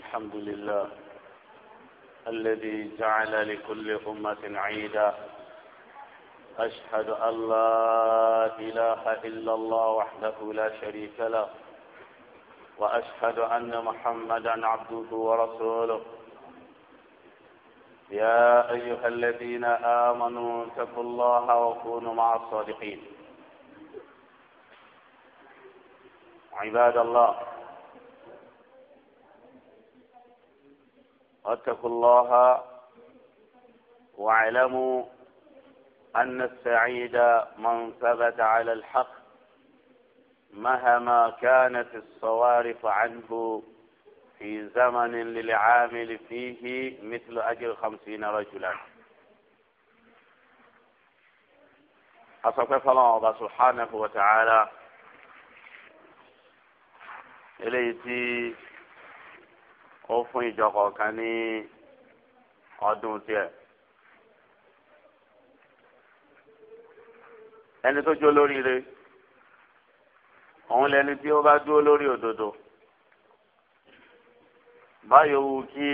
الحمد لله الذي جعل لكل أمة عيدا أشهد أن لا إله إلا الله وحده لا شريك له وأشهد أن محمدا عبده ورسوله يا أيها الذين آمنوا اتقوا الله وكونوا مع الصادقين عباد الله واتقوا الله واعلموا أن السعيد من ثبت على الحق مهما كانت الصوارف عنه في زمن للعامل فيه مثل أجل خمسين رجلا أصفف الله سبحانه وتعالى إليتي ó fún ìjọ kọ̀ọ̀kan ní ọdún tiẹ̀. ẹni tó jó lóríire òun lẹni tí ó bá dúró lórí òdodo báyọ̀ wù kí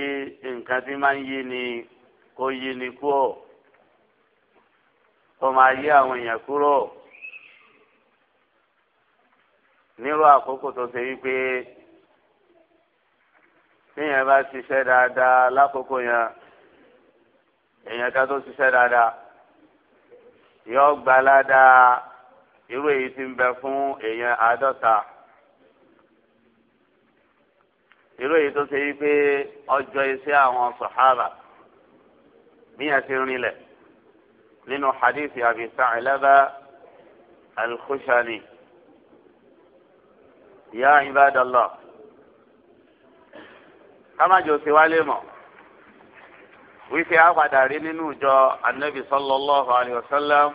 nǹkan tí máa ń yí ni kó yí ni kúrò kó máa yí àwọn èèyàn kúrò nírú àkókò tó ṣe wípé téèyàn bá ṣiṣẹ́ dáadáa lákòókò yẹn èèyàn ká tó ṣiṣẹ́ dáadáa yọ gba ládàá irú èyí tí ń bẹ fún èèyàn àádọ́ta irú èyí tó ṣe yí pé ọjọ́ iṣẹ́ àwọn sàhábà bíyàn ti rinlẹ̀ nínú hadithi Abi Sa'laba al ya ibadallah kámájọ sí wálé mọ̀ wípé a padà rí nínú ìjọ anabi sallallahu alayhi wa sallam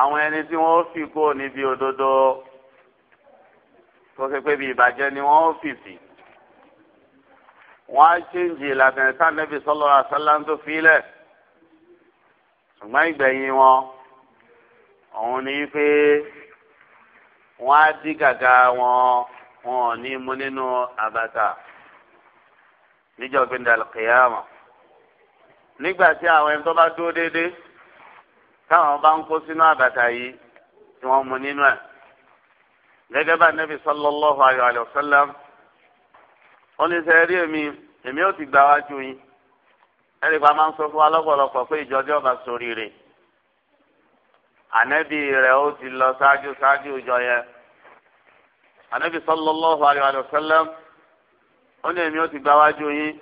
àwọn ẹni tí wọ́n fi kó níbi òdodo tó ṣe pé bí ìbàjẹ́ ni wọ́n fi sí wọ́n á ṣéǹjì ìlànà ẹ̀ka anabi sallallahu alayhi wa sallam tó filẹ̀ ṣùgbọ́n ìgbẹ̀yìn wọn òun ni pé wọ́n á dí gàgà wọn wọn ò ní mu nínú àbàtà níjọ́ gbẹndàlù kìyàmù nígbà tí àwọn ẹni tó bá dúró déédéé táwọn bá ń kó sínú àbàtà yìí tí wọn mu nínú ẹ gẹ́gẹ́ bá nẹbi sallallahu alayhi wa sallam ó ní sẹ rí èmi èmi ò ti gbà wájú yín ẹni pa máa ń sọ fún wa lọ́pọ̀lọpọ̀ pé ìjọdẹ ọba sórí rẹ̀ ànẹbí rẹ̀ ó ti lọ ṣáájú ṣáájú ìjọ yẹn anabi sallallahu alayhi wa sallam ó ní èmi ó ti gba wájú yín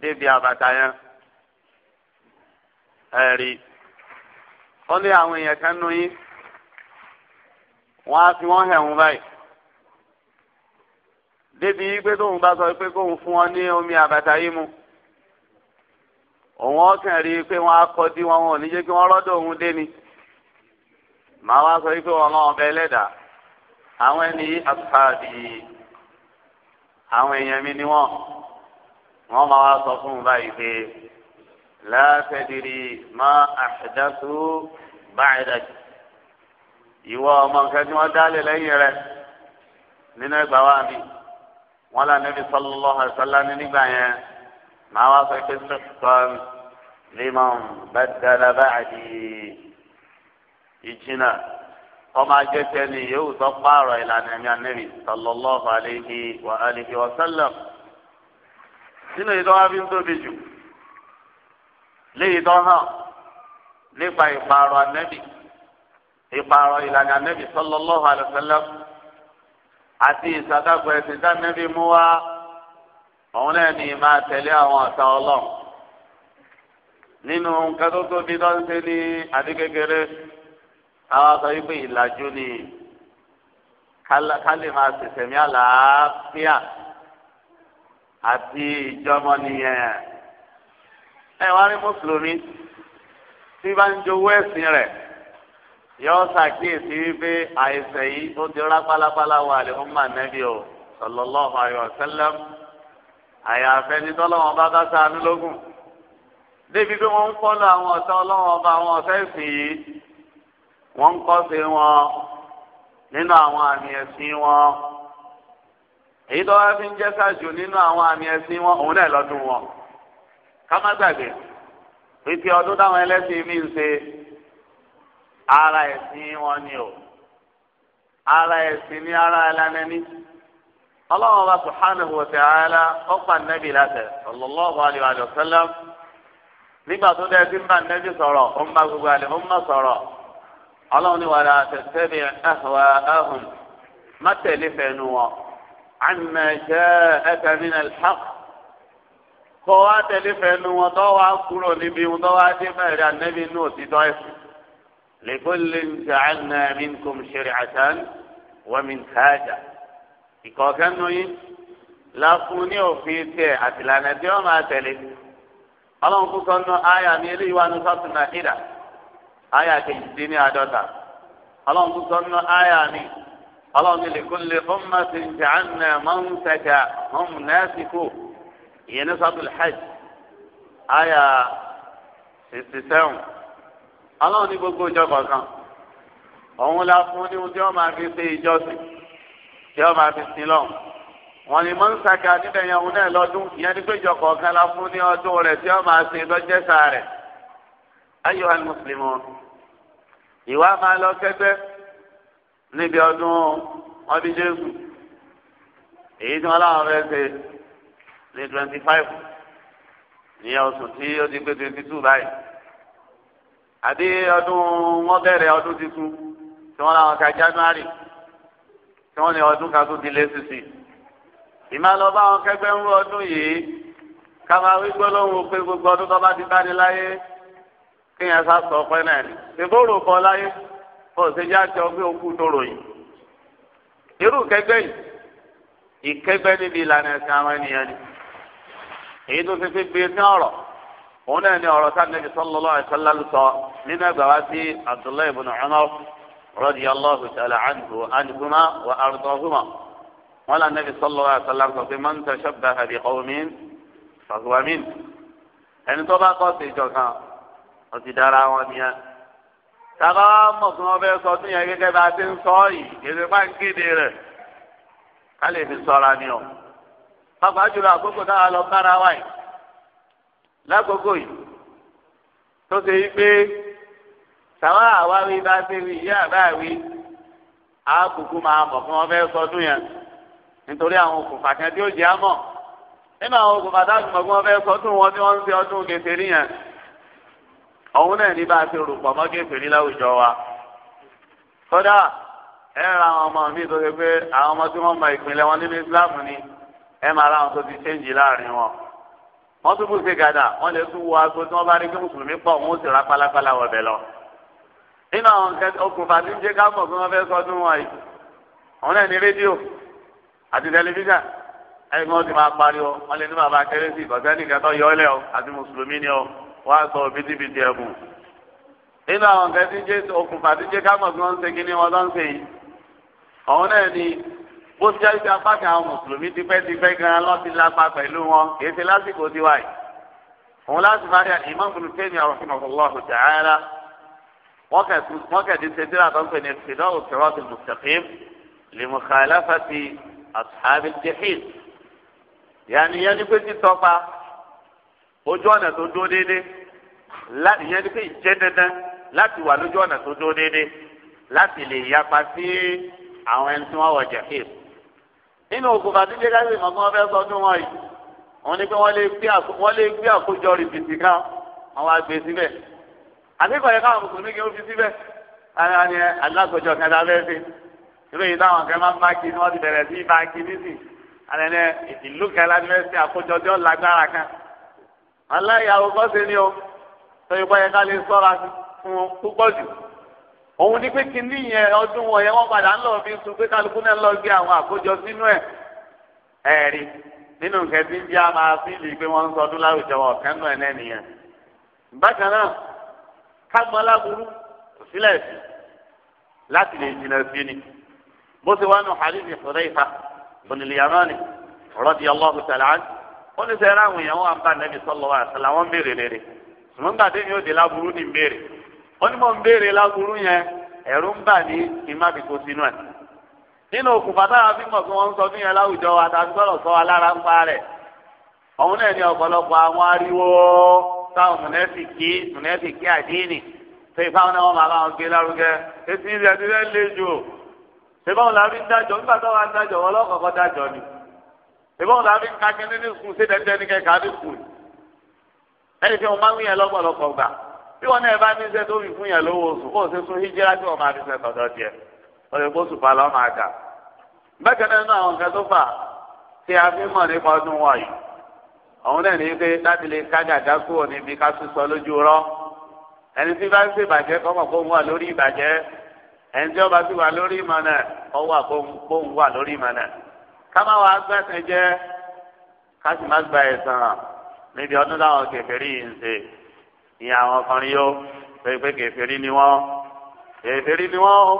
débi àbàtà yẹn ẹ̀rí ó ní àwọn èèyàn kan nú yín wọ́n á fi wọ́n hẹ̀wọ̀n báyìí débi pé tóun bá sọ pé kóun fún wọn ní omi àbàtà yìí mu òun ọkàn rí pé wọ́n á dí wọn wọn ò ní jẹ́ kí wọ́n rọ́dọ̀ òun dé ni màá wá sọ pé wọn náà ọbẹ̀ ẹlẹ́dàá àwọn ẹni àtàbí àwọn èèyàn mi ni wọ́n wọ́n máa wá sọ fún un báyìí pé láàfẹ̀dìrì máa àṣẹdásù báyìí ìwọ ọmọ nǹkan tí wọ́n dálé lẹ́yìn rẹ̀ nínú ẹgbà wa mi wọ́n là níbi sọlọ́lọ́ àṣálá ní nígbà yẹn màá wá sọ pé sọ́kàn lè máa bá dára báyìí ìjìnà ọmọ ajẹ́sẹ́ ni yóò sọ pààrọ̀ ìlànà ẹ̀mí anẹ́bí sallallahu alayhi wa alihi wa sallam. nínú ìdánwò fi ń tóbi jù léyìí tó hàn nípa ìpààrọ̀ anẹ́bí ìpààrọ̀ ìlànà anẹ́bí sallallahu alayhi wa sallam àti ìsàdàgbọ̀ ẹ̀sìn tá anẹ́bí mú wá òun náà ni máa tẹ̀lé àwọn ọ̀sán ọlọ́run nínú nǹkan tó tóbi tó ń ṣe ní adé àwọn sọ wípé ìlàjú ni kálí máa ṣẹ̀ṣẹ̀ mí àlàáfíà àti ìjọmọ nìyẹn ẹ wá rí mùsùlùmí tí bá ń jowó ẹ̀sìn rẹ̀ yọ ṣàkíyèsí wípé àìsàn yìí ó ti rá pálápálá wà lè mà nẹ́bí o sallallahu alaihi wasallam àyàfẹ́ ní tọ́lọ́wọ́n bá ká sáánú lógún débi pé wọ́n ń fọ́lọ́ àwọn ọ̀tá ọlọ́wọ́n ọba àwọn ọ̀tá ẹ̀sìn yìí. wọn ń kọ́sí wọn nínú àwọn àmì ẹ̀sìn wọn èyí tó wá fi ń jẹ́ ṣáàjù nínú àwọn àmì wọn òun náà lọ́dún wọn ká má ọdún táwọn mi ń ṣe ara ẹ̀sìn wọn ni o ara ẹ̀sìn ni ara ẹlẹ́ni ọlọ́run bá wa ta'ala ó pa nẹ́bí látẹ̀ alayhi wa nígbà tó bá gbogbo àlè ọlọ́run ní wàrà tẹ̀sẹ̀bì ẹ̀hùwà ẹ̀hùn má tẹ̀lé fẹ̀nu wọn àmì jẹ́ ẹ̀kẹ́mínà ìhàk kọ́ wá tẹ̀lé fẹ̀nu wọn tó wá kúrò níbi wọn tó wá dé bẹ̀rẹ̀ ànẹ́bí inú òtítọ́ ẹ̀sìn lèkólè ń tẹ àná mi ń kóm ṣeré àtàn wọ́n mi káàjà ìkọ̀ọ̀kan nù yín láfún ní òfin tiẹ̀ àtìlànà tí wọ́n máa tẹ̀lé ọlọ́run kúkọ́ nù áyà mi eléyìí wà ní sọ́tún náà aya kejì dín ní àádọ́ta ọlọ́run tún sọ nínú aya mi ọlọ́run ní lèkúnlé ọmọ ti ń jà ń nà mọ́ ń tẹ̀ka mọ́ ń nà ẹ́ sì kú ìyẹn ní sọ́dún hajj aya sixty seven ọlọ́run ní gbogbo ìjọ kọ̀ọ̀kan òun la fún ní ohun tí wọ́n ṣe ìjọsìn tí wọ́n máa sin lọ́hùn wọn ni mọ ń níbẹ̀ yẹn òun náà lọ́dún ìyẹn ní péjọ kọ̀ọ̀kan la fún ní ọdún rẹ̀ tí wọ́n máa ṣe lọ́jẹ́sà rẹ̀ ayọ̀ al-muslimun ìwà máa lọ kẹgbẹ́ níbi ọdún wọn bí jésù èyí tí wọn láwọn fẹẹ ṣe ní twenty five ìyẹn oṣù tí ó ti pé twenty two báyìí àbí ọdún wọn bẹ̀rẹ̀ ọdún tuntun tí wọn láwọn ka january tí wọn ní ọdún kan tó ti lé sisi ìmọ̀ lọ bá wọn kẹgbẹ́ ń rú ọdún yìí ká máa wí gbólóhùn pé gbogbo ọdún tó bá ti bá ní láyé kéèyàn sá sọ ọpẹ́ náà ni ìbòrò kan láyé fún òṣèjì àjọ bí òkú tóró yìí irú kẹgbẹ́ yìí ìkẹgbẹ́ níbi ìlànà ẹ̀sìn àwọn ènìyàn ni èyí tó ti fi gbé ní ọ̀rọ̀ òun náà ni ọ̀rọ̀ sáà nẹ́bí sallallahu alaihi wasallam sọ nínú ẹgbàá wá sí Abdullahi ibn Umar radiyallahu ta'ala anhu anhuma wa ardahuma wọn là nẹ́bí sallallahu alaihi wasallam sọ pé man wọ́n ti dára wọn ni ẹ́ sábà mọ̀ fún wọn fẹ́ sọ tún yẹn gẹ́gẹ́ bá a ti ń sọ yìí gẹ́gẹ́ bá ń kéde rẹ̀ ká lè fi sọ́ra ni ọ̀ pàápàá jùlọ àkókò náà lọ bára wa lákòókò yìí tó ṣe yí pé sábà àwa wí bá ṣe wí ìyá àbá wí àkùkù máa mọ̀ fún wọn fẹ́ yẹn nítorí àwọn òkùnfà kan tí ó jẹ́ àmọ̀ nínú àwọn òkùnfà táwọn ọmọ fẹ́ sọ tún wọn tí wọ́n ń ṣe ọdún kẹsẹ̀ ọ̀hún náà ní bá a ti rò pọ̀ mọ́ kéferì láwùjọ wa kódà ẹ ra àwọn ọmọ mi tó ṣe pé àwọn ọmọ tí wọ́n mọ ìpínlẹ̀ wọn nínú Islam ni ẹ máa ra àwọn tó ti ṣéǹjì láàrin wọn wọ́n tún bú ṣe gàdà wọ́n lè tún wọ aago tí wọ́n bá rí kí mùsùlùmí pọ̀ wọ́n ó sì ra pálápàlà wọ̀bẹ̀ lọ nínú àwọn okùnfà tí ń jẹ́ ká mọ̀ pé wọ́n fẹ́ sọdún wọn yìí àwọn náà ní rédíò àti tẹlifíṣàn ẹ̀gbọ́n ti máa pariwo wọ́n lè wọ́n á sọ òbítíbitì ẹ̀bù nínú àwọn nǹkan tí jẹ́ okùnfà tí jẹ́ ká mọ̀ tí wọ́n ń ṣe kí ni wọ́n lọ́ ń ṣe yìí ọ̀hún náà ni bó ti jáde apá kan àwọn mùsùlùmí tipẹ́tipẹ́ gan lọ́ọ́ ti lápá pẹ̀lú wọn kì í ṣe lásìkò tiwa yìí òun láti máa rí Imam Ibn Taymiyyah rahimahullahu wọ́n kẹ̀dí ojú ọ̀nà tó dúró déédéé ìyẹn ni pé ìjẹ́ dandan láti wà lójú ọ̀nà tó dúró déédéé láti lè yapa sí àwọn ẹni tí wọ́n wọ̀ jẹ̀ kéèp. nínú ògùn bàtíjẹ́ káṣí ìmọ̀ tí wọ́n fẹ́ sọ ọdún wọn yìí wọ́n ní pé wọ́n lè gbé àkójọ rìbìtì kan wọ́n wá gbé síbẹ̀. àdékọ̀yẹ káwọn mùsùlùmí kí wọ́n fi síbẹ̀ ara ni alákòjọ kan lábẹ́ fi irú yìí táwọn kan máa ń báàkì ni wọ́n ti bẹ̀rẹ̀ sí báàkì nísìn àlẹ́ ní ìlú kan lábẹ́ sí àkójọ tí ó lágbára kan. aláìyàwó kọ́ sí ni o tọ́jú báyẹn ká lè sọ́ra fún púpọ̀ jù òun ní pé yẹn ọdún wọn yẹn padà ń lọ fi sun pé kálukú náà lọ gbé àwọn àkójọ sínú ẹ̀ ẹ̀rí nínú nǹkan tí ń bí a máa fi lè pé wọ́n ń sọdún láwùjọ ọ̀kan náà bákan náà kágbọn aláburú kò sílẹ̀ sí láti lè jìnnà sí ni bó ti wá nù ní O ní sẹ́yìn ráhùn yẹn wọn bá nẹ́bí sọ́lọ́ wa àṣàlà wọn béèrè rere ṣùgbọ́n gbàdé mi ò dé láburú ní béèrè ó ní mò ń béèrè láburú yẹn ẹ̀rú ń bà ní n sínú ẹ̀ nínú òkùnfà táwa fi mọ̀ pé wọ́n ń sọ fún yẹn láwùjọ wa sọ̀rọ̀ sọ wa ń pa rẹ̀ òun náà ọ̀pọ̀lọpọ̀ àwọn ariwo táwọn mùnẹ́sìkì àdínì tó ìfáwọn ni. ìbọn ọ̀la mi ka kí nínú sùn sí dẹ́dẹ́ ní kẹ́kẹ́ àbí sùn ẹni tí wọn máa ń wí yẹn lọ́pọ̀lọpọ̀ gbà bí wọn náà bá ní iṣẹ́ tó fi fún yẹn lówó oṣù kó o ṣe sún hijira tí wọn máa fi ṣe tọ̀dọ̀ tiẹ̀ o lè kó sùpà lọ́ máa kà bẹ́ẹ̀ nínú àwọn nǹkan tó fà tí a fi mọ̀ nípa ọdún wọ̀nyí òun náà ní pé láti lè ká gàgá kúrò níbi ká tún sọ lójú rọ́ ẹni tí bá ń ṣèbàjẹ́ kọ́mọ̀ kó ń wà lórí ìbàjẹ́ ẹni tí ó ti wà lórí ìmọ̀ náà ọ wà ń wà lórí ìmọ̀ náà kámá wa gbẹ́sẹ̀ jẹ́ kásì má gba ẹ̀sán níbi ọdún táwọn kẹfẹ́rí yìí ń ṣe ìyẹn àwọn ọkùnrin yó pé kẹfẹ́rí ni wọ́n kẹfẹ́rí ni wọ́n ó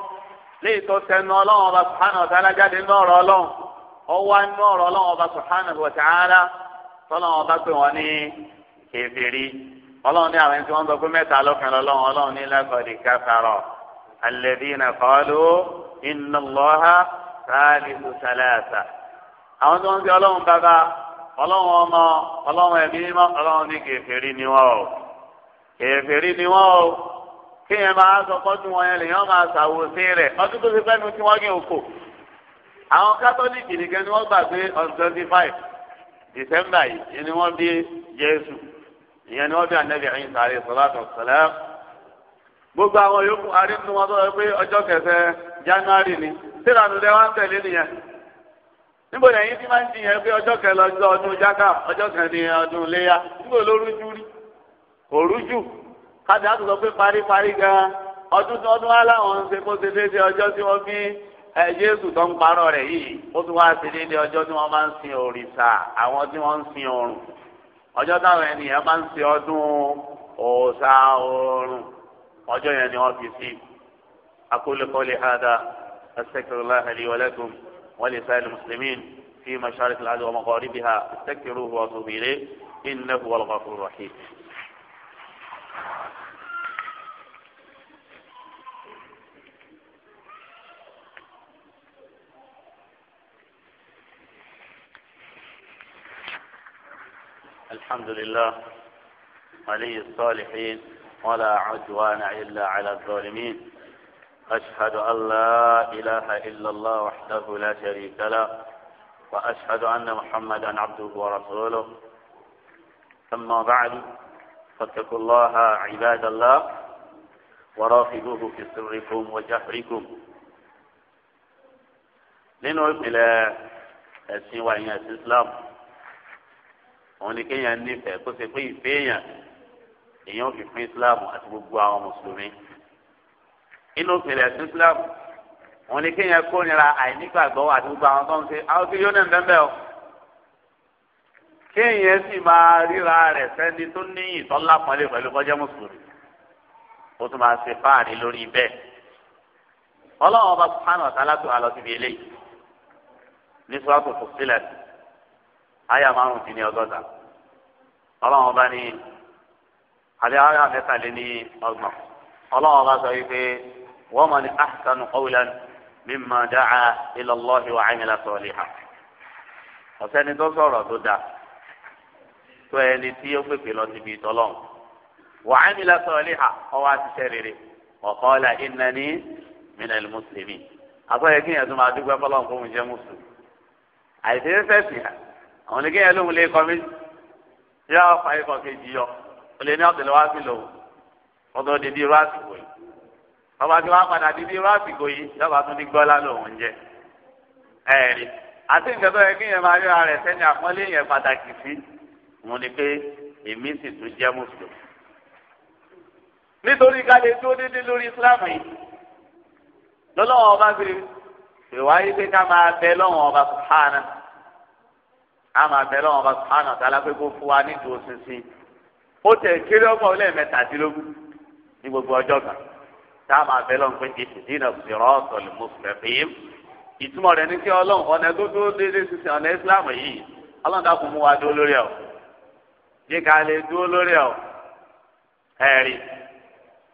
léyìí ọlọ́run ọba sùhánà ọ̀tá alájáde ń lọ́rọ̀ ọlọ́run ọwọ́ ń lọ́rọ̀ ọlọ́run ọba sùhánà ọ̀tá ara tọ́lọ́run ọba pé wọ́n ní kẹfẹ́rí ọlọ́run ní àwọn tí wọ́n sọ pé mẹ́ta lọ́kàn lọ́lọ́run ọlọ́run ní àwọn tó ń sẹ ọlọ́run bàbá ọlọ́run ọmọ ọlọ́run ẹ̀mí mímọ́ ọlọ́run ní kèfèrí ni wọ́n o kèfèrí ni wọ́n o kí yẹn máa sọ pọ́tù wọn yẹn lèyàn máa ṣàwòsí rẹ̀ ọdún tó ti fẹ́nu tí wọ́n gé òkò àwọn kátólíìkì nìkan ni wọ́n gbà pé on twenty five december yìí ni wọ́n bí jésù ìyẹn ni wọ́n bí anabi ẹ̀yìn sàrè sọláàtù sàlẹ̀ gbogbo àwọn yòókù arínú wọn tó yẹ pé ọjọ́ kẹsẹ̀ january ni sílànà níbo lẹ́yìn tí máa ń jiyàn pé ọjọ́ kan lọ́jọ́ ọdún jákàm ọjọ́ kan ní ọdún léyà níbo ló rújú rí kò rújú kájà á tún sọ pé paríparí gan ọdún tí ọdún wá láwọn ń ṣe kó ṣe déédé ọjọ́ tí wọ́n bí Jésù tó ń parọ́ rẹ̀ yìí ó tún wá ṣe déédé ọjọ́ tí wọ́n máa ń sin òrìṣà àwọn tí wọ́n ń sin ọ̀run ọjọ́ táwọn ènìyàn máa ń sin ọdún òòṣà ọ̀run ọjọ́ yẹn ni wọ́n fi sí akólekọ́lé hada astaghfirullah li ولسائر المسلمين في مشارق الأرض ومغاربها استكبروه واتوبوا إليه إنه هو الغفور الرحيم الحمد لله ولي الصالحين ولا عدوان إلا على الظالمين أشهد أن لا إله إلا الله وحده لا شريك له وأشهد أن محمدا عبده ورسوله أما بعد فاتقوا الله عباد الله وراقبوه في سركم وجهركم nínú ìpìlẹ̀ ẹ̀sìn الإسلام ìyẹn ẹ̀sìn Islam òun ni kéèyàn nífẹ̀ẹ́ kó ṣe pé ìfẹ́ inú fèrè ẹ̀sìn islam wọn ni kéèyàn kórìíra àìnígbàgbọ́ àti gbogbo àwọn tó ń ṣe àwọn tó yóò náà bẹ́ẹ̀ o kéèyàn sì máa ríra rẹ̀ sẹ́ni tó ní ìtọ́lá pọ́nlé pẹ̀lú kọjá mùsùlùmí ó tún máa ṣe fáàrí lórí bẹ́ẹ̀ ọlọ́run ọba subhanahu wa ta'ala tó síbi eléyìí ní sọ́ọ́tù fòsílẹ̀ àyà márùn-ún ní ọgọ́ta ọlọ́run ọba ní àbí àyà mẹ́tàléní ọgbọ̀n ọlọ́run ọba sọ wípé. ومن أحسن قولا مما دعا إلى الله وعمل صالحا ọsẹni tó sọ̀rọ̀ tó dáa tó ẹni tí ó pèpè lọ síbi ìtọlọrun wa amila saliha ọwọ àtiṣe rere wa qala innani minal muslimin àtọyẹ kí yẹn tó máa dúpẹ́ fọ́lọ́run fún mi jẹ mùsùlùmí àìsí fẹsì hàn àwọn ní kí yẹn lóhun lè kọ mí yọ ọfà ikọ kejì yọ olè ní ọtẹlẹ wá sí lòun ọdọ dídí rásìkò yìí ọba tí wọ́n padà di bí irú àsìkò yìí lọ́ba tún ti gbọ́lá lòun jẹ ẹ̀rí àti nǹkan tó yẹ kí yẹn máa ríra rẹ̀ sẹ́ni àpọ́nlé yẹn pàtàkì sí mo ní pé èmi sì tún jẹ́ mùsùlùmí nítorí ká lè dúró dédé lórí Islam yìí lọ́lọ́wọ́ ọba fi ìwáyé pé ká máa bẹ lọ́wọ́ ọba sùhánà a máa bẹ lọ́wọ́ ọba sùhánà tálá pé kó fún wa nídùú sísìn ó tẹ̀ kéré ọgbọ̀n lẹ́ẹ̀mẹ́tàdínlógún ní gbogbo ọjọ́ kan táàmù abẹ́lẹ̀ ń pè ní ìdínà sírọ́ọ̀tọ̀ lè mùsùlùmí. ìtumọ̀ rẹ̀ ní kí ọlọ́run ọ̀nà tó tó déédé sísè ọ̀nà islam yìí ọlọ́run dàkún mú wa dúró lórí ẹ̀ o yé ká lè dúró lórí ẹ̀ o ẹ̀rí.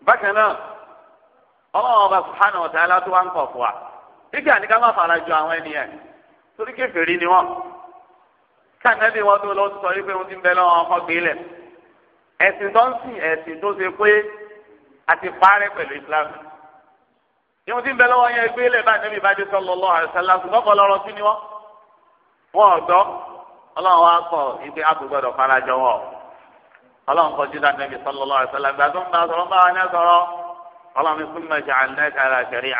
bákan náà ọlọ́run ọba subhanahu wa ta'ala tó wá ń kọ̀ fún wa kíkẹ́ àníká má fara ju àwọn ènìyàn torí kèfèrí ni wọ́n kànáàbí wọn tó lọ sọ yìí pé ti ń bẹ lọ́wọ́ ọkọ̀ gbélé ẹ̀sìn tó ń sìn ẹ̀sìn tó ṣe pé àti parẹ́ pẹ̀lú islam ìwọ́n ti ń bẹ lọ́wọ́ yẹn gbé lè bá nẹ́bí bá dé sallallahu alaihi wasallam ṣùgbọ́n lọ́rọ́ sí ni wọ́n wọ́n ọ̀dọ́ ọlọ́run wa kọ̀ ibi àbúgbọ́dọ̀ farajọ wọn ọlọ́run kọjú dá nẹ́bí sallallahu alaihi wasallam gbàtọ́ ń bá sọ̀rọ̀ bá wa ní sọ̀rọ̀ ọlọ́run fún mẹ́jọ àlẹ́kà ara ṣẹ̀rí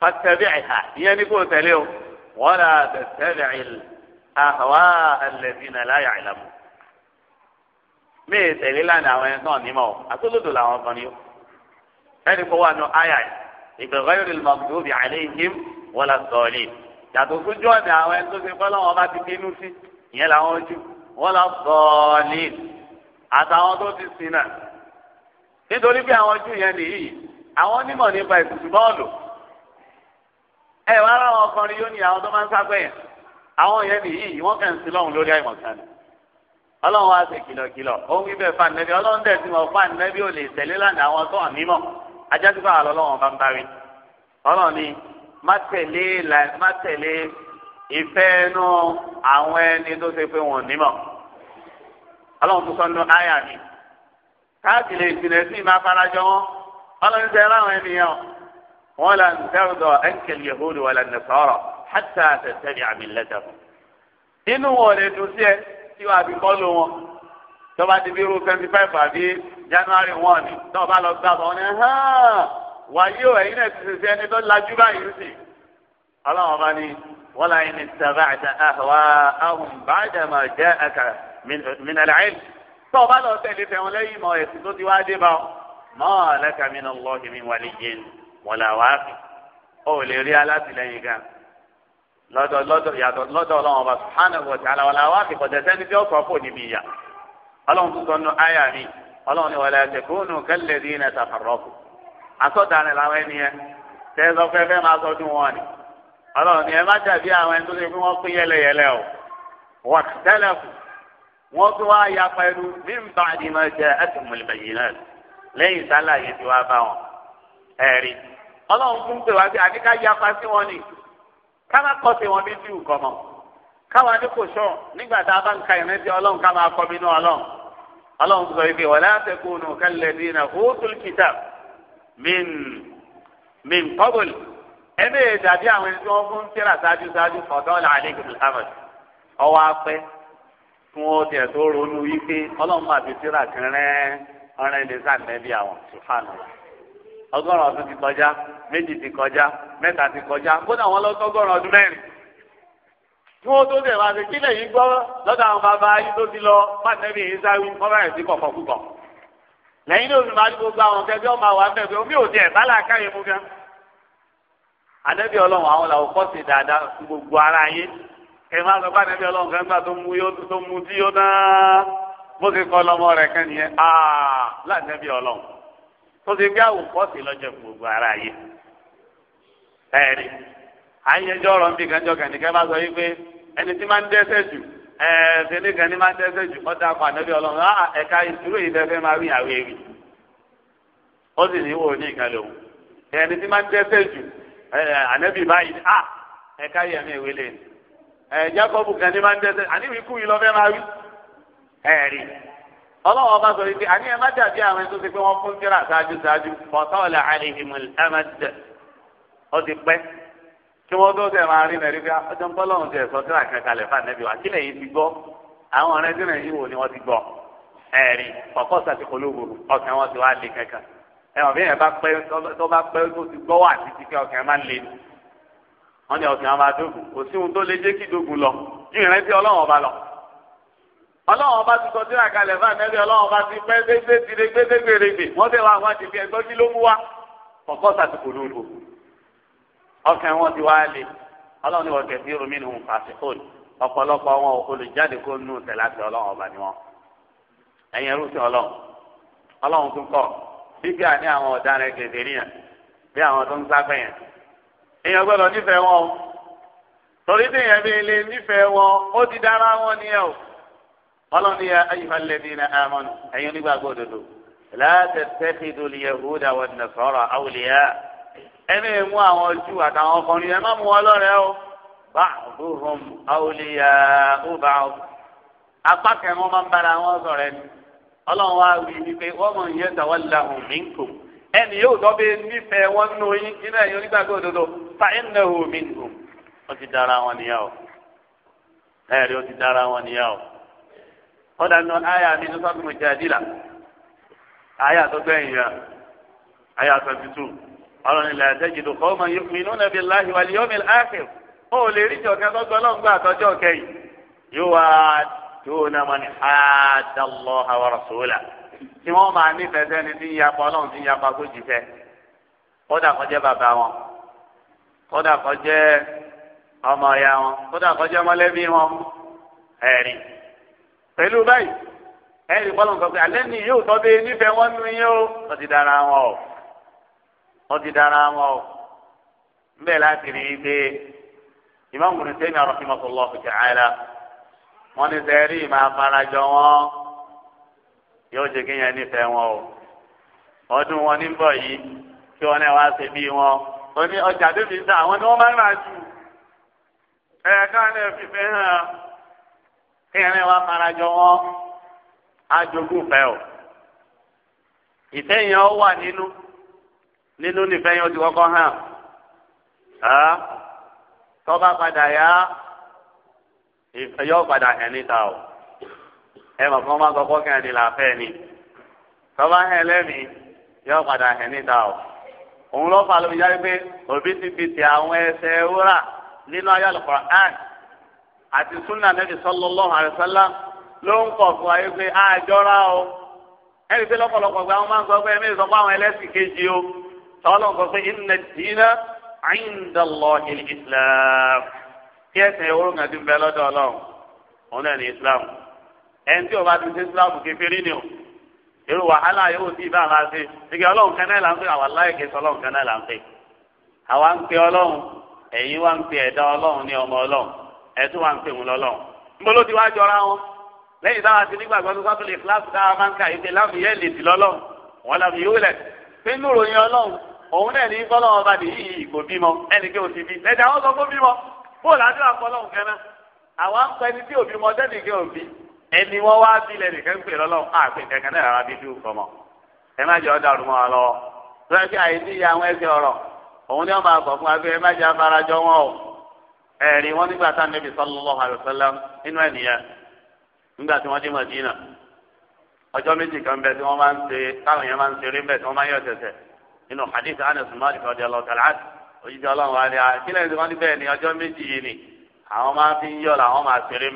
fàtẹ́bíà ìyẹn ní kò tẹ̀lé o wọ́n là tẹ̀tẹ̀bíà àwa ẹlẹ́dínà láyà ìlàmù. míì tẹ̀lé lánàá àwọn ẹni náà nímọ̀ o àtúndòdò làwọn kan ní o. ẹni kó wà nù àyà ìgbẹ̀rọ yóò lè mọ̀gbìn òbí àlẹ́ ìhìm wọ́n là sọ̀ọ́lì. yàtọ̀ sójú ọ̀dà àwọn ẹni tó ti pẹ́ lọ́wọ́ bá ti bínú sí ìyẹn làwọn ojú wọ́n là sọ̀ọ́lì. àtàwọn tó ti sin náà nítorí pé àwọn ojú yẹn nìyí àwọn onímọ̀ nípa ìtùtù bọ́ọ̀lù ẹ wá rà wọn ọkùnrin yóò ní àwọn tó máa ń sápẹ́ yẹn àwọn yẹn nìyí wọ́n kàn sí lọ́hùn lórí àìmọ̀kan ni ọlọ́run wá ṣe kìlọ̀kìlọ̀ òun wí bẹ́ẹ̀ fanẹ́bí ọlọ́run dẹ̀ ti mọ̀ fanẹ́bí ò lè tẹ̀lé lánàá àwọn tó hàn mímọ̀ ajásí fún àlọ́ bá ń bari ọlọ́run ni má tẹ̀lé má tẹ̀lé ìfẹ́ inú àwọn ẹni tó ṣe pé wọ́n nímọ̀ ọlọ́run tó sọ́nù áyà mi káàkiri ìsìnlẹ̀ sí ìmáfarajọ ولا ترضى أنك اليهود ولا النصارى حتى تتبع ملتهم inú wọn lè dùn sí ẹ tí wàá fi kọ́ ló wọn tó bá ti bí irú twenty five àbí january one ni tó bá lọ gbà wọn ni wàyí o ẹ̀yin náà ti sèse ẹni tó lajú báyìí sí ọlọ́run bá ní wọ́n la ẹni sábà àti àwa ahùn bàdàmà jẹ́ àkà mìnàláìl tó bá lọ tẹ̀lé fẹ̀wọ̀n lẹ́yìn mọ̀ ẹ̀sìn tó ti wá dé bá ọ mọ́ ọ̀lẹ́kà mìnà lọ́ọ̀kì mi wà lè yé ni wọn là wá fi ó lè rí alátìlẹ́yìn gan lọ́dọ̀ lọ́dọ̀ yàtọ̀ lọ́dọ̀ Ọlọ́run ọba subhanahu wa ta'ala wọn là wá fi kọjá sẹni tí ó sọ fún níbi ìyà Ọlọ́run tó sọ nù áyà mi Ọlọ́run ni wọlé ẹsẹ kúnnù kalladhina tafarraqu asọdarẹ làwọn ẹni yẹn tẹsán fẹfẹ máa sọ fún wọn ni Ọlọ́run ni ẹ má dàbí àwọn ẹni tó ṣe fún wọn pín yẹlẹyẹlẹ o wọn wọn tún wá ya pẹ̀lú min ba'di ma ja'athumul bayyinat lẹ́yìn sálàyé tí wàá bá wọn ẹ̀rí ọlọ́run fún pè wá sí àníká yapa sí wọn ni ká má kọ́ sí wọn bí jù kọ́ mọ́ káwa ní kò sọ nígbà tá a bá ń ka ìrìn sí ọlọ́run ká máa kọ́ bínú ọlọ́run ọlọ́run sọ ibi wọlé àtẹkùnù kẹlẹ́dínà hóòtúlù kìtà min min kọ́bùl ẹni ìdàbí àwọn ẹni tí wọ́n fún tíra ṣáájú ṣáájú fọ̀dọ́ làálẹ́ gùnlámẹ̀ ọwọ́ apẹ́ fún ó tiẹ̀ tó ronú wípé ọlọ́run máa fi tíra kẹrẹ́ ọ̀rẹ́ lè sàmẹ́bí ọgọ́rùn ọdún ti kọjá méjì ti kọjá mẹ́ta ti kọjá kódà wọn lọ sọgọ́rùn ọdún mẹ́rin tí wọn tó dẹ̀ wá sí kílẹ̀ yìí gbọ́ lọ́dọ̀ àwọn bàbá yìí tó ti lọ pàtẹ́bí yìí sáré wọn bẹ̀rẹ̀ sí kọ̀kọ́ púpọ̀ lẹ́yìn ní oṣù máa gbogbo àwọn kẹbí ọmọ àwọn abẹ́bẹ́ omi ò tiẹ̀ bá làákà yẹn mú gan. àdẹ́bí ọlọ́run àwọn làwọn kọ́ sí dáadáa gbogbo ara yé ẹ máa sọ bá àdẹ́bí ọlọ́run kan gbà tó mu tí yóò náà bó ti kọ́ lọ́mọ rẹ̀ kẹ́ nìyẹn áà láàdẹ́bí ọlọ́run tó ti gbé àwòkọ́sì lọ́jọ́ gbogbo ara yìí ẹ̀rí àyẹ̀jọ́ ọ̀rọ̀ nbí kanjọ́ kan nìkan bá sọ yìí pé ẹni tí máa ń dẹ́sẹ̀ jù ẹ̀ẹ́dẹ́gbẹ̀rún kan ní máa ń dẹ́sẹ̀ jù kọ́ta kọ́ ànábì ọlọ́run ẹ̀ka ìṣúrò yìí fẹ́ẹ́ máa rí àwọn ewì ó sì ní wò ní ìkan lòun ẹni tí máa ń dẹ́sẹ̀ jù ànábì báyìí à ẹ̀ka yẹ̀mí ìwé lẹ́nu ẹ̀ jákọ́bù kan ní máa ń dẹ́sẹ̀ àníwìkú yìí lọ́ fẹ́ máa rí ẹ̀rí ọlọ́wọ́ ọba sọ wípé àní ẹ má dàbí àwọn ẹni tó ti pé wọ́n fún kíra ṣáájú ṣáájú fọ́tọ́ọ̀lẹ̀ àlehìmùl ẹ̀mẹ́dẹ̀ ó ti pẹ́ kí wọ́n tó tẹ̀ máa rí mẹ́rin bí ah, ọjọ́ ń bọ́lọ́run tẹ̀ sọ kíra kankanlẹ̀ fún ànẹ́bí wa kílẹ̀ yìí ti gbọ́ àwọn ọ̀rẹ́ tí nàìjíríà wò ni wọ́n ti gbọ́ ẹ̀rí ọ̀kọ́ sàti olóògùn ọkàn wọn ti wá lé kankan ẹ̀wọ̀n bí ọlọ́run ọba ti sọ síra kalẹ̀ fún àtẹ́rí ọlọ́run ọba ti pẹ́ gbégbé tire gbégbé gbèrègbè wọ́n tẹ̀ wá àwọn àti fi ẹgbẹ́ kí ló mú wa kọ̀kọ́ sàtìkò lóru ọkàn wọn ti wá lé ọlọ́run ni wọ́n kẹ̀ sí romi nìhun fàṣẹ́kọ́n ọ̀pọ̀lọpọ̀ wọn olùjáde kó nù tẹ̀láṣẹ ọlọ́run ọba ni wọn. ẹ̀yin ẹrú sí ọlọ́run ọlọ́run tún kọ̀ bíbí àní àwọn ọ̀daràn gèdè níyàn bí àwọn tó ń sáfẹ́ yẹn. èèyàn gbọ́dọ̀ nífẹ̀ẹ́ o torí ọlọ́run yà ayyuhal ladina amanu ẹ̀yin nígbà gbọ́dọ̀dọ̀ la tattakhidul yahuda wan nasara awliya ẹni mú àwọn jù àtàwọn ọkùnrin ẹ má mú wọn lọ́rẹ̀ẹ́ o ba'duhum awliya'u ba'd apá kẹrin wọn máa ń bára wọn sọ̀rọ̀ ẹni ọlọ́run wa wí ni pé wọ́n mọ̀ yẹn tawallahum minkum ẹni yóò dọ́bẹ̀ nífẹ̀ẹ́ wọn nù yín nínú ẹ̀yin onígbàgbọ́ òdodo fa innahu minkum ó ti dára wọn níyà o ẹ̀rí ó ti dára wọn níyà o kọ́dà ní ọ̀nà àyà mi ní sọ́dún mi jẹ́ àdìlà àyà tó gbẹ̀yìn yà àyà twenty two ọlọ́run ilẹ̀ àtẹ́jìdò kọ́ ọmọ yìí pinnu nàbí láhi wàlí yọ́mi láàkìr ó lè rí jọ̀kẹ́ tọ́jú ọlọ́ngbà àtọ́jú ọ̀kẹ́yìn yóò wá dúnà mọ́ni àdàlọ́ àwọn rọ̀ṣọ́lá tí wọ́n máa nífẹ̀ẹ́ sẹ́ni tí ń yapa ọlọ́run tí ń yapa tó jìfẹ́ kódà kó jẹ́ bàbá wọn kódà kó ọmọ pẹ̀lú báyìí ẹ̀rí bọ́lá nǹkan alẹ́ ni yóò tọ́ bẹ́ẹ̀ nífẹ̀ẹ́ wọn nínú yín o wọ́n ti dára wọn o wọ́n ti wọn o nbẹ̀ láti rí i pé wọ́n ní sẹ́rí máa farajọ wọn yóò jẹ́ kí yẹn wọn o ọdún wọn ní bọ̀ yìí kí wọn náà wá ṣe bí wọn ní ọjà débi ń ta àwọn ni wọ́n máa ń rà jù hàn wa fara jọ wọn ajogún fẹ́ o ìfẹ́ yẹn wà nínú nínú nífẹ̀ẹ́ yẹn ó ti kọ́kọ́ hàn tọ́ba padà yá yọ padà hẹ̀ níta o ẹ mọ̀ fún ọmọ àkọ́kọ́ kẹrin ni làáfẹ́ ni tọ́ba hẹ̀ lẹ́mìí yọ padà hẹ̀ níta o òun ló fà lóbi yá wípé òbí ti fi ti àwọn ẹsẹ̀ wúrà àti sunna nabi sallallahu alaihi wasallam ló ń kọ̀ fún ayé pé àjọra ah, o ẹni pé lọ́pọ̀lọpọ̀ gba àwọn máa ń sọ pé ẹ̀mí sọ fún àwọn ẹlẹ́sìn kejì o tọ́lọ̀ ń sọ pé inna ad-dina inda Allahi islam kí ẹ̀sìn ìwúrò kan ń bẹ lọ́dọ̀ ọlọ́run òun náà ní islam ẹni tí o bá ti ṣe islam kékeré ni o èrò wàhálà yóò ti bá àwọn àṣẹ ìgbà ọlọ́run kan náà là ń pè àwọn aláìkè sọ ọlọ́run kan náà là ń pè àwa ń pè ọlọ́run ẹ̀yin wa ń pè ẹ̀dá ọlọ́run ní ọmọ ọlọ́run ẹ̀sùn wa ń pè wọn lọ́lọ́ nbọ́ló ti wá jọra wọn lẹ́yìn táwọn àti nígbàgbọ́ tó sábẹ́lẹ̀ kíláàsì táwọn máa ń ka ìpè láàmì yẹ́ lè ti lọ́lọ́ wọn làmì yóò lẹ̀ pé nínú ìròyìn ọlọ́run òun náà ní fọlọ́ ọba nìyí kò bímọ ẹnì kí o ti bí ẹ̀dá wọn sọ fún bímọ bó làdúrà fọlọ́run kẹ́ná àwa ń pẹ́ ní tí òbí mọ sẹ́nì kí o bí ẹni wọn wá bílẹ̀ nìkan ń pè lọ́lọ́run àpè kankan náà rárá bí bí òkọ mọ Eri wọn nígbà tá nẹ́bí sallallahu alaihi wasallam nínú ẹ̀nìyẹn nígbà tí wọ́n dé Madina ọjọ́ méjì kan bẹ tí wọ́n máa ń ṣe táwọn yẹn máa ń ṣeré bẹ tí wọ́n máa ń yọ ṣẹ̀ṣẹ̀ nínú hadith Anas Malik radiyallahu ta'ala òjijì ọlọ́run wa ni àkílẹ̀ ah, tí wọ́n ní bẹ́ẹ̀ ni ọjọ́ méjì yìí ni àwọn máa fi ń máa ṣeré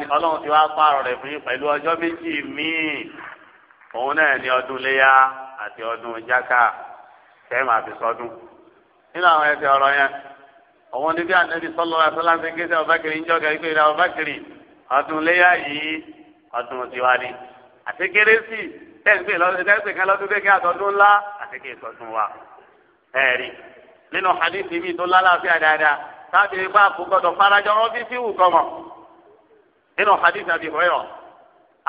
ni ọlọ́run ti wá pààrọ̀ fún yín pẹ̀lú ọjọ́ méjì míì òun náà ni ọdún léyà àti ọdún jákà ọ̀wọ́n níbi ànábi sọ́lọ́ àtọ́lá ṣe kéde ọ̀bákiri ń jọ́gà ìpè ìlà ọ̀bákiri ọdún léyà yìí ọdún tiwa ni àti kérésì tẹ́ǹpé tẹ́ǹpé kan lọ́dún kékeré àtọ́dún ńlá àti kéè sọ́dún wa. ẹ̀rí nínú hadith mi tó lálàáfíà dáadáa tábí ipá àkókòtò farajọ wọn fi fíwù kọmọ nínú hadith àbí ìwéyọ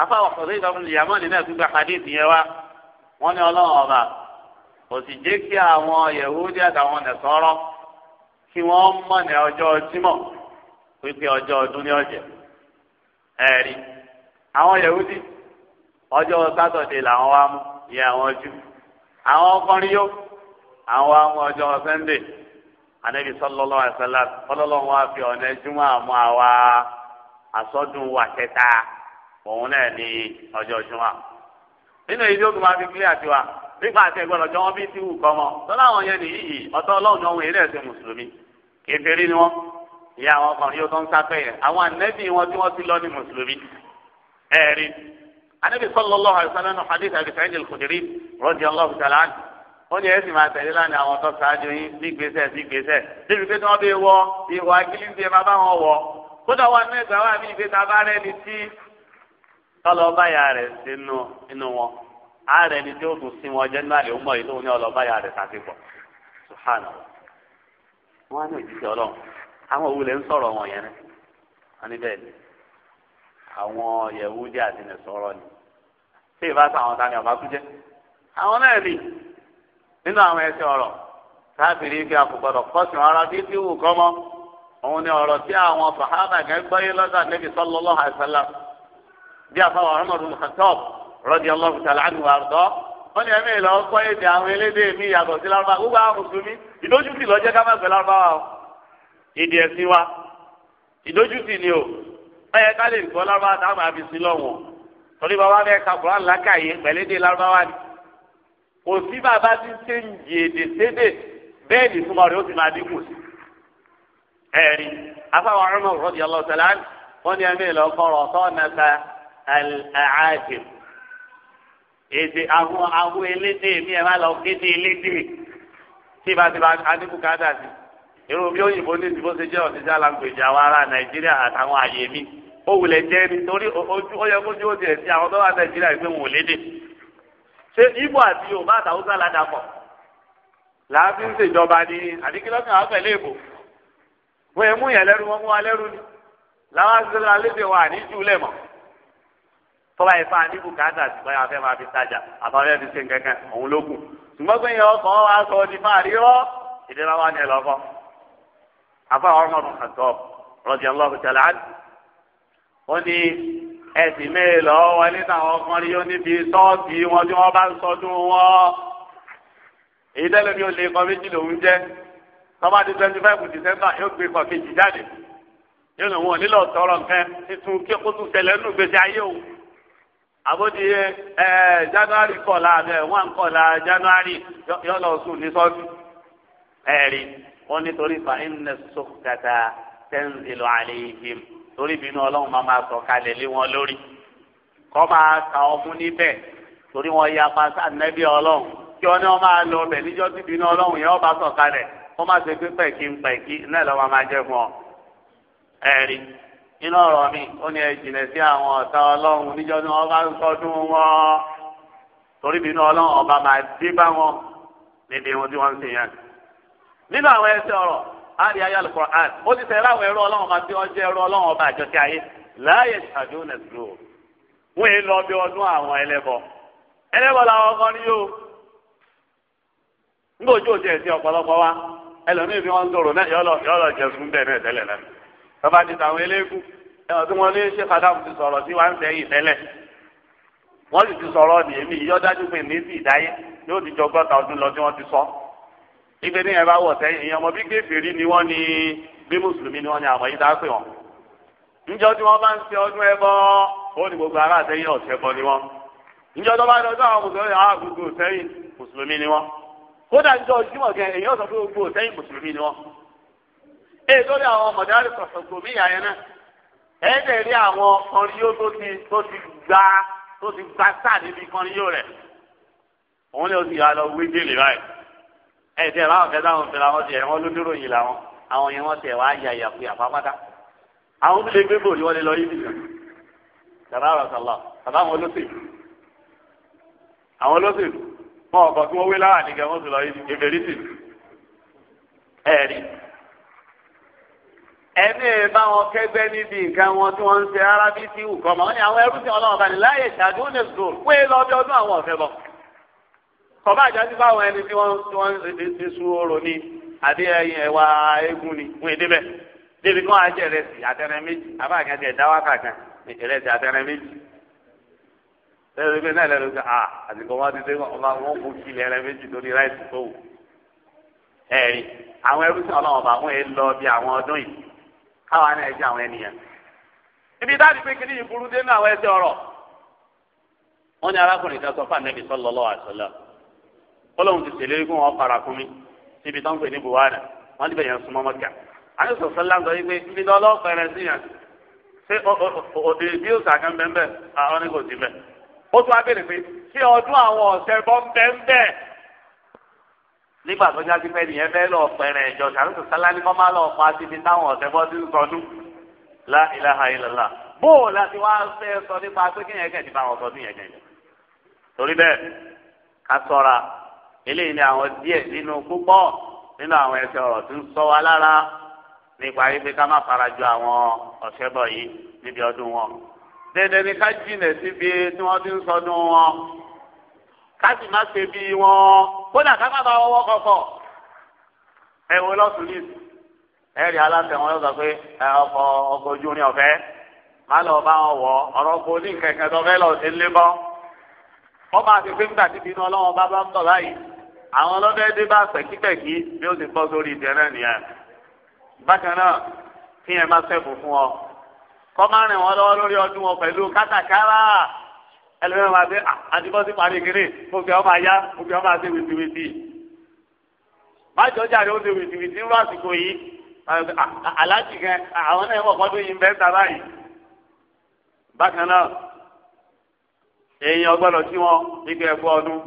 afa ọ̀sọ̀rọ̀ ìdọ́kùn ìyàmọ́ nínú ẹ̀dúgba hadith yẹn wa wọ́n ní ọlọ́run ọba kí wọ́n mọ̀ ní ọjọ́ jímọ̀ pípé ọjọ́ ọdún ní ọ̀jẹ̀ ẹ̀rí àwọn yahudi ọjọ́ sátọ̀dé làwọn wá mú ìyẹn àwọn jù àwọn ọkùnrin yó àwọn wá mú ọjọ́ anabi sọlọlọ wọn fi ọ̀nà ẹjúmọ́ àwa àsọdún wà kẹta òun náà ní ọjọ́ nínú wa. nígbà tí ẹgbẹ́ ọ̀jọ́ wọn bí ti wù kọ́ mọ́ tọ́lá àwọn yẹn nìyí ọ̀tọ́ ọlọ́run ọ̀hún eré ẹ̀sìn mùsùlùmí kékeré ni wọ́n ìyá àwọn ọkùnrin yóò tó ń sáfẹ́ yẹn àwọn ànẹ́bí wọn tí wọ́n ti lọ ní mùsùlùmí ẹ̀rí ànẹ́bí sallallahu alaihi wasallam nínú hadith Abi Sa'id al-Khudri radiyallahu ta'ala anhu ó ní ẹ̀sìn máa tẹ̀lé lánàá àwọn tó ṣáájú yín bí gbèsè bí gbèsè débi pé tí wọ́n bẹ wọ ìwà gíríńdì ẹ̀ máa bá wọn rẹ̀ sínú wọn ààrẹ ni tí ó tún sin wọn jẹ nínú àlè ọmọ yìí lóun ní ọlọ́ba yà rẹ̀ tàbí pọ̀ subhanahu wọn ní òjijì ọlọ́run àwọn òwúlẹ̀ ń sọ̀rọ̀ wọn yẹn wọn ní bẹ́ẹ̀ ni àwọn yẹ̀wúdí àti nẹ̀sọ̀rọ̀ ni tí ì sọ àwọn tani ọba kújẹ́ àwọn náà ni nínú àwọn ẹsẹ̀ ọ̀rọ̀ káàbìrì ike àkùgbọ̀dọ̀ kọ́sìn ara bíi tí wù kọ́mọ òun ni ọ̀rọ̀ tí àwọn sàhábà gẹ́gbọ́yé lọ́dọ̀ àdébìsọ́ lọ́lọ́ àìsàlá bí àfọwọ́ ọ̀rọ̀ mọ̀ọ́dún rọ́dí ọlọ́run tàlà ánú àrùtọ́ wọ́n ní ẹ̀mí ìlọ kọ́ èdè àwọn elédè mi yàtọ̀ sí lárúbá gbogbo àwọn mùsùlùmí ìdójútì lọ jẹ́ ká má gbẹ lárúbá wa o èdè ẹ̀sìn wa ìdójútì ni o ọyẹ ká lè gbọ́ lárúbá táwọn àbí sí lọ́wọ́ torí bá wà bẹ́ẹ̀ ka kuran lákàyè pẹ̀lẹ́dè lárúbá wa ni kò sí bàbá tí ń ṣe ń yèdè sédè bẹ́ẹ̀ ni túmọ̀ rẹ̀ ó ti máa dínkù sí ẹ̀rí afáwọn ọmọ rọ́dí èdè àwọn àwọn elédè mi ẹ má lọ kéde elédè tí ìbá ti bá adébùkádà sí irú bí òyìnbó ní ìdìbò ṣe jẹ́ ọ̀sísá language àwọn ará nàìjíríà àtàwọn àyè mi ó wulẹ̀ jẹ́ nítorí ojú ó yẹ kójú ó tiẹ̀ sí àwọn tó wà nàìjíríà pé wọn ò lédè ṣé ibo àti yorùbá àtàwùsá ládàpọ̀ làáfi ń ṣèjọba ní àdíkílọ́sìn àwọn pẹ̀lú èbò wọ́n ẹ̀ mú yẹn lẹ́rú wọn mú wa lẹ́rú ni làwọn tọ́ba yìí níbù káàdà ṣùgbọ́n yà fẹ́ máa fi tajà àtàwọn ẹbí ṣe kankan òun ló ṣùgbọ́n pé yẹn ọkàn wa sọ di fáàrí rọ ìdílé wa ni ẹ lọ́kọ́ afa ọmọ ọdún kàtọ rọjì tẹ̀lé àdì ó ní ẹ̀sìn mẹ́rin e lọ́wọ́ wọlé táwọn ọkùnrin yóò níbi sọ́ọ̀tì wọn tí wọ́n bá ń sọdún wọn èyí tẹ́lẹ̀ mi ò lè kọ́ méjì lòún jẹ́ tọ́ba di twenty five december yóò gbé kọ́ kejì jáde yóò lòun ò nílò tọrọ nǹkan tuntun kí ó tún tẹ̀lé nù gbèsè ayé òun àbódi ẹ january kọlá ẹ wọn kọlá january yọlọ sùn ní sọọsì ẹẹri wọn nítorí fa ẹnẹ sọkàtà tẹnzilu àlehìm torí bínú Ọlọ́run máa máa sọ kalẹ̀ lé wọn lórí kọ máa kà ọ fún níbẹ̀ torí wọn ya pàṣẹ nẹbí Ọlọ́run kí wọn ní wọn máa lọ bẹ níjọ́ tí bínú Ọlọ́run yẹn wọn bá sọ kalẹ̀ wọn máa ṣe pé pẹkí pẹkí náà lọ máa máa jẹ fún ọ ẹẹri nínú ọ̀rọ̀ mi ó ní ẹ sí àwọn ọ̀tá ọlọ́run níjọ́ ní wọ́n bá ń sọdún wọn torí bínú ọlọ́run ọba máa dé bá wọn níbi ohun tí wọ́n ń sè yẹn. nínú àwọn ẹsẹ̀ ọ̀rọ̀ àdìyà yàrá Qur'an ó ti sẹ́yìn láwọn ẹ̀rọ ọlọ́run máa ti ọjọ́ ẹ̀rọ ọlọ́run ọba àjọṣe ayé láàyè ṣàdúró nẹ̀sùlù wọ́n yìí lọ bí ọdún àwọn ẹlẹ́bọ ẹlẹ́bọ làwọn kan ní yóò nígbà ojú òjò ẹ̀sìn ọ̀pọ̀lọpọ̀ wa ẹlòmíì bí wọ́n ń sọ̀rọ̀ náà yọ tọ́ba ti tàwọn eléégún ẹ̀wọ̀n tí wọ́n ní ṣé kàdáàmù ti sọ̀rọ̀ sí wa ń sẹ́yìn tẹ́lẹ̀ wọ́n sì ti sọ̀rọ̀ ní èmi yíyọ́ dájú pé ní ti ìdáyé yóò ti jọgọ́ta ọdún lọ tí wọ́n ti sọ. ibi ní ẹ̀rọ awọ̀ sẹ́yìn èèyàn ọmọ bí gbèfèrí ni wọ́n ní bí mùsùlùmí ni wọ́n ní àwọn yìí dáa pé wọ́n. níjọ́ tí wọ́n bá ń ṣe ọdún ẹbọ ó ní gbogbo ará àtẹ́yìn ọ̀sẹ̀ bọ ni wọ́n ee lórí àwọn mọ̀dárì pọ̀sọ̀gbò mí ìyá yẹn náà ẹ dẹ̀ rí àwọn kọrin yóò tó ti tó ti gba tó ti gba sáà níbi kọrin yóò rẹ̀ òun ni o ti yà lọ wí délé báyìí ẹ dẹ̀ báwọn fẹ́ táwọn fẹ́ làwọn ti ẹ̀ wọ́n ló dúró yìí làwọn àwọn yẹn wọ́n tẹ̀ wá yà yà kuyà pápátá àwọn tó lè gbé bòlí wọ́n lè lọ yìí nìkan tàbá rọ̀ sọ̀lọ̀ tàbá àwọn olóṣèlú àwọn olóṣèlú wọn ọ̀kọ̀ tí wọ́n wé láwà nìkan wọ́n sì lọ ẹni bá wọn kẹgbẹ́ níbi nǹkan wọn tí wọ́n ń ṣe arábí tí nǹkan mọ ní àwọn ẹrú tí Ọlọ́run bá ní láyè ṣáájú ó lè zòrò pé lọbi ọdún àwọn ọfẹ bọ kọba àjájú báwọn ẹni tí wọ́n wọ́n ti su orò ni àbí ẹyin ẹwà eégún ni fún èdè bẹ débi kí wọ́n á jẹ ìrẹsì àtẹrẹ méjì abáàkàn ti ẹdá wákàtàn ìrẹsì àtẹrẹ méjì lẹ́yìn ìgbẹ́ náà lẹ́nu sọ ah àsìkò wọn ti dé ọba wọn kò kí ilẹ̀ rẹ méjì lórí ráìsì tó wù ẹ̀rí àwọn ẹrú sí Ọlọ́run bá wọn ẹ lọ bí àwọn ọdún yìí káwa náà jẹ àwọn ènìyàn ibi dáàbì pé kìnìún burú dé ní àwọn ẹsẹ ọrọ. wọn ní arákùnrin kan sọ fún anabi sallallahu alaihi wasallam Ọlọ́run ti ṣèlérí fún wọn mi buhari wọn níbẹ̀ yẹn súnmọ́ àti yìí pé ibi tó lọ́ọ́ fẹ́rẹ̀ sí yẹn ṣé òde bí òsà kan bẹ́ẹ̀ bẹ́ẹ̀ àwọn kò sí bẹ́ẹ̀ ó tún wá béèrè pé ṣé ọdún àwọn ọ̀sẹ̀ bọ́ nígbà tó já sí pé nìyẹn fẹ́ lọ pẹ̀rẹ̀ ìjọ sàrùtù sálálí kọ́ máa lọ pa síbi táwọn ọ̀sẹ̀ bọ́ sí sọdún la ilaha illallah bó o láti wá fẹ́ sọ nípa pé kéèyàn kẹ̀sì bá wọn sọ sí yẹn kẹ̀yìn. torí bẹ́ẹ̀ ká sọ̀ra eléyìí ni àwọn díẹ̀ nínú púpọ̀ nínú àwọn ẹsẹ̀ ọ̀rọ̀ tó ń sọ wa lára nípa wípé ká má fara ju àwọn ọ̀sẹ̀ bọ̀ yìí níbi ọdún wọn. dẹ́dẹ́ ni ká jìnà síbi tí wọ́n ti ń sọdún wọn ká sì má ṣe bí wọ́n kódà kápá bá wọ́wọ́ kọ̀ọ̀kọ̀ ẹ wo lọ́sùn ní ẹ̀rí aláṣẹ wọn yóò pé ọkọ̀ ọkọ̀ ojú ni ọ̀fẹ́ má lọ bá wọn wọ̀ ọ̀rọ̀ kò ní kẹ̀kẹ́ tó fẹ́ lọ sí ilé bọ́ wọ́n máa fi pínpín àti bínú ọlọ́wọ́n bá bá ń tọ̀ láyìí àwọn ọlọ́dẹ dé bá pẹ̀kípẹ̀kí bí ó ti bọ́ sórí ìtẹ́ náà nìyẹn bákan náà kí yẹn má sẹ́fù fún ọ kọ́ má rìn wọ́n lọ́wọ́ lórí ọdún wọn pẹ̀lú kátàkárà ẹlẹ́mẹ̀ máa gbé ah, àdìbọ́sí parí kiri gbogbo ọmọ àyá gbogbo ọmọ àti wìtìwìtì májọ jáde ó ti wìtìwìtì nínú àsìkò yìí ah, aláàjì kan àwọn náà wọ̀ fọ́dún yìí ń bẹ́ẹ̀ sábà yìí bákan náà èèyàn gbọ́dọ̀ tí wọ́n nígbà ẹ̀kọ́ ọdún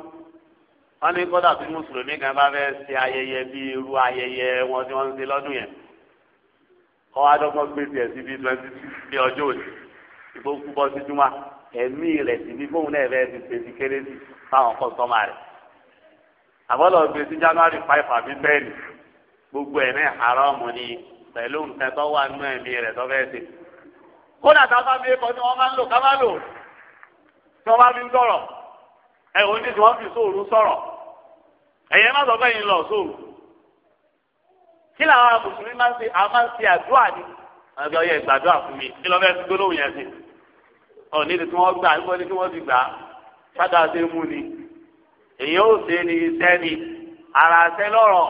wọ́n ní kọ́dà tí mùsùlùmí kan bá fẹ́ ṣe ayẹyẹ bíi irú ayẹyẹ wọn tí wọ́n ń ṣe lọ́dún yẹn kọ́ adọ́gbọ́n gbèsè ẹ̀ síbi twenty six ní ọjọ́ òní ìgbókùbọ́ sí júmọ́ ẹ̀mí rẹ̀ sì ní bóun náà rẹ̀ ti pèsè kérésì fáwọn kọ́sọ́mà rẹ̀. àbọ̀lọ̀ gbèsè january five àbí bẹ́ẹ̀ni gbogbo ẹ̀ náà haramu ni pẹ̀lú nǹkan tó wà nínú ẹ̀mí rẹ̀ tó fẹ́ ṣe. kódà táwọn mi kọ́ ni wọ́n máa ń lò ká máa lò tí wọ́n bá fi ń sọ̀rọ̀ ẹ̀ ò ní tí wọ́n fi sóòrù sọ̀rọ̀ ẹ̀yẹ má sọ fẹ́yìn lọ sóòrù. kí làwọn mùsùlùmí máa ń ṣe àwọn máa ń ṣe àdúrà ni. àgbẹ̀ ọyẹ ìgbàdúrà fún mi kí lọ́ fẹ́ gbólóhùn yẹn sí i ọ̀ níbi tí wọ́n gbà níbo ni kí wọ́n ti gbà á ṣáda ṣe mú ni èyí ó ṣe ni iṣẹ́ ni ara ṣẹ́ lọ́rọ̀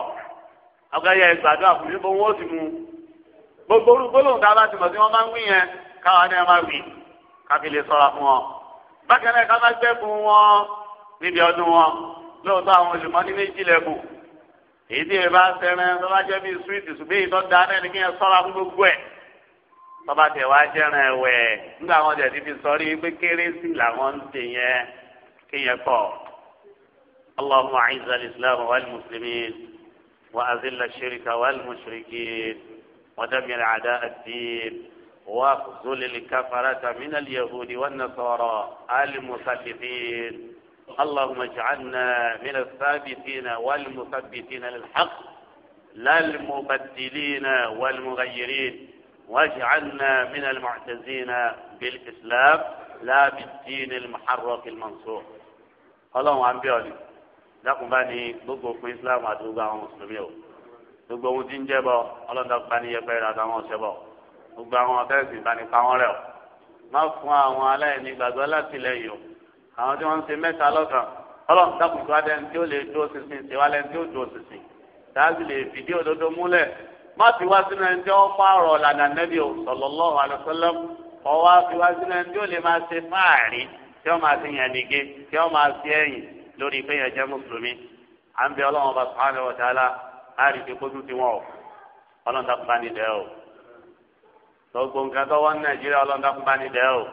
ọ̀gáyà ìgbàdo àkùnrin bó wọ́n ti mú gbogbo orúkọ lóhùn tá a bá ti mọ̀ tí wọ́n máa ń wí yẹn káwa náà máa wí káfí lè sọ̀rọ̀ fún wọn bákan náà ká má gbẹ́ fún wọn níbi ọdún wọn lóòótọ́ àwọn olùmọ́ ní méjì lẹ́bù èyí tí ẹ bá sẹ́rẹ́ tó jẹ́ bíi súwìtì ṣùgbọ́n èyí tó dáa náà kí ẹ sọ́ra fún gbogbo ẹ̀ tọ́ba tẹ̀ wá jẹ́rìn ẹ̀wẹ̀ nígbà wọn tẹ̀ ti fi sọrí pé kérésì làwọn ń tè yẹn kéèyàn kọ́ اللهم أعز الإسلام والمسلمين وأذل الشرك والمشركين ودمر أعداء الدين واخذل الكفرة من اليهود والنصارى المثبتين اللهم اجعلنا من الثابتين والمثبتين للحق لا المبدلين والمغيرين واجعلنا من المعتزين بالإسلام لا بالدين المحرك المنصوح ọlọ́run à ń bẹ̀ ọ́ ni dákun bá ní gbogbo òfin islam àti gbogbo àwọn mùsùlùmí o gbogbo ohun tí ń jẹ́ bọ́ ọlọ́run dákun bá ní yẹpẹ́ rẹ àtàwọn ọ̀sẹ̀ bọ́ gbogbo àwọn afẹ́sìn ìbánipa wọn rẹ o má fún àwọn aláìní gbàgbọ́ látìlẹ́yìn o àwọn tí wọ́n ń ṣe mẹ́ta lọ́kàn ọlọ́run dákun tó adẹ́ni tí ó lè dúró sísìn ṣèwálẹ́ni tí ó dúró sísìn dáàbì lè fìdí òdodo múlẹ̀ má ti wá sínú ẹni tí wọ́n pààrọ̀ lànà nẹ́bí o sallallahu alaihi wasallam ọwọ́ á fi wá sínú ẹni tí ó lè máa ṣe fáàrí tí wọ́n máa ti yàn nìge tí wọ́n máa fi ẹ̀yìn lórí pé yẹn jẹ́ mùsùlùmí à ń bẹ ọlọ́run bá subhanahu wa ta'ala láàrí ti kójú ti o ọlọ́run o gbogbo nǹkan tó wọ́n nàìjíríà ọlọ́run o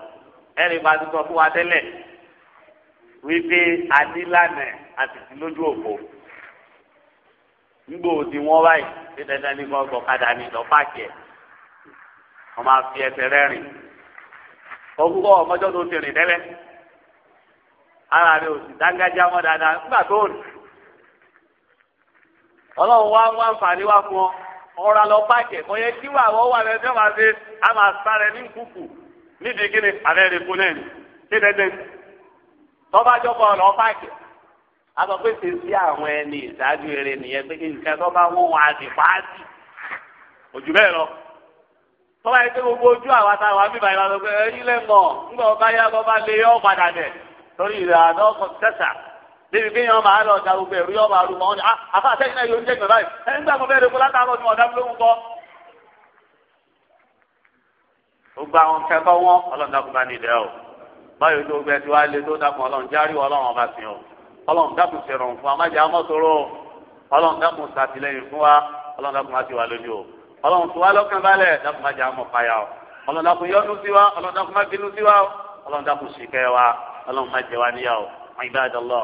ẹ̀rí bá ti sọ fún wa tẹ́lẹ̀ wípé adílànà àti lójú òpó nígbò tí wọ́n báyìí ṣé dandan ní kan gbọ̀kadà ní lọ páàkì ẹ̀ wọ́n máa fi ẹsẹ̀ rẹ́rìn ọkùnkọ́ ọmọjọ́ tó ti rìn tẹ́lẹ̀ ara rẹ̀ ò sì dáńgájá mọ́ dáadáa nígbà tó rìn ọlọ́run wá wá nfààní wá fún ọ ọ̀rọ̀ lọ páàkì ẹ̀ kọ́yẹ tí wà wọ́n wà lẹ́sẹ̀ máa ṣe á máa sáré ní kùkù nídìí kí ni àrẹ rẹ̀ fún ẹ̀ ní dandan tọ́bajọ́ bọ̀ lọ páàkì ẹ̀ àtọ̀ pé ṣe sí àwọn ẹni ìdájú eré nìyẹn pé nǹkan tó bá wọ́n wọn àti pààtì òjò bẹ́ẹ̀ lọ. tọ́ba yìí pé gbogbo ojú àwọn àtàwọn àbíbáyé wa sọ pé ẹyin lẹ́mọ̀ ńgbà ọba yá lọ́ba lé yọ padà dẹ̀ torí ìlànà ọkọ̀ tẹ̀sà débi pé yọ̀ọ́ máa lọ ọ̀dà gbogbo ẹ̀rú yọ̀ọ́ máa rú wọn ni ah, àfa àtẹ́yìn náà yóò ń jẹ́gbẹ̀ẹ́ báyìí ẹni gbà mo bẹ́ẹ̀ rẹ̀ kó látàárọ̀ ló ń kọ́. gbogbo àwọn kẹ́kọ̀ọ́ wọn ọlọ́run bá nílẹ̀ o báyìí tó gbẹ tí wàá lé tó dákun ọlọ́run ọlọ́run dákun ṣe rọrùn fún wa májà mọ́tòrò ọlọ́run dákun ṣàtìlẹ́yìn fún wa ọlọ́run dákun má ti wà lójú o ọlọ́run tó wá lọ́kàn balẹ̀ dákun májà mọ̀ fàyà o ọlọ́run dákun yọ́nú sí wa ọlọ́run dákun má bínú sí wa ọlọ́run dákun ṣìkẹ́ wa ọlọ́run má jẹ wa níyà o ibadallah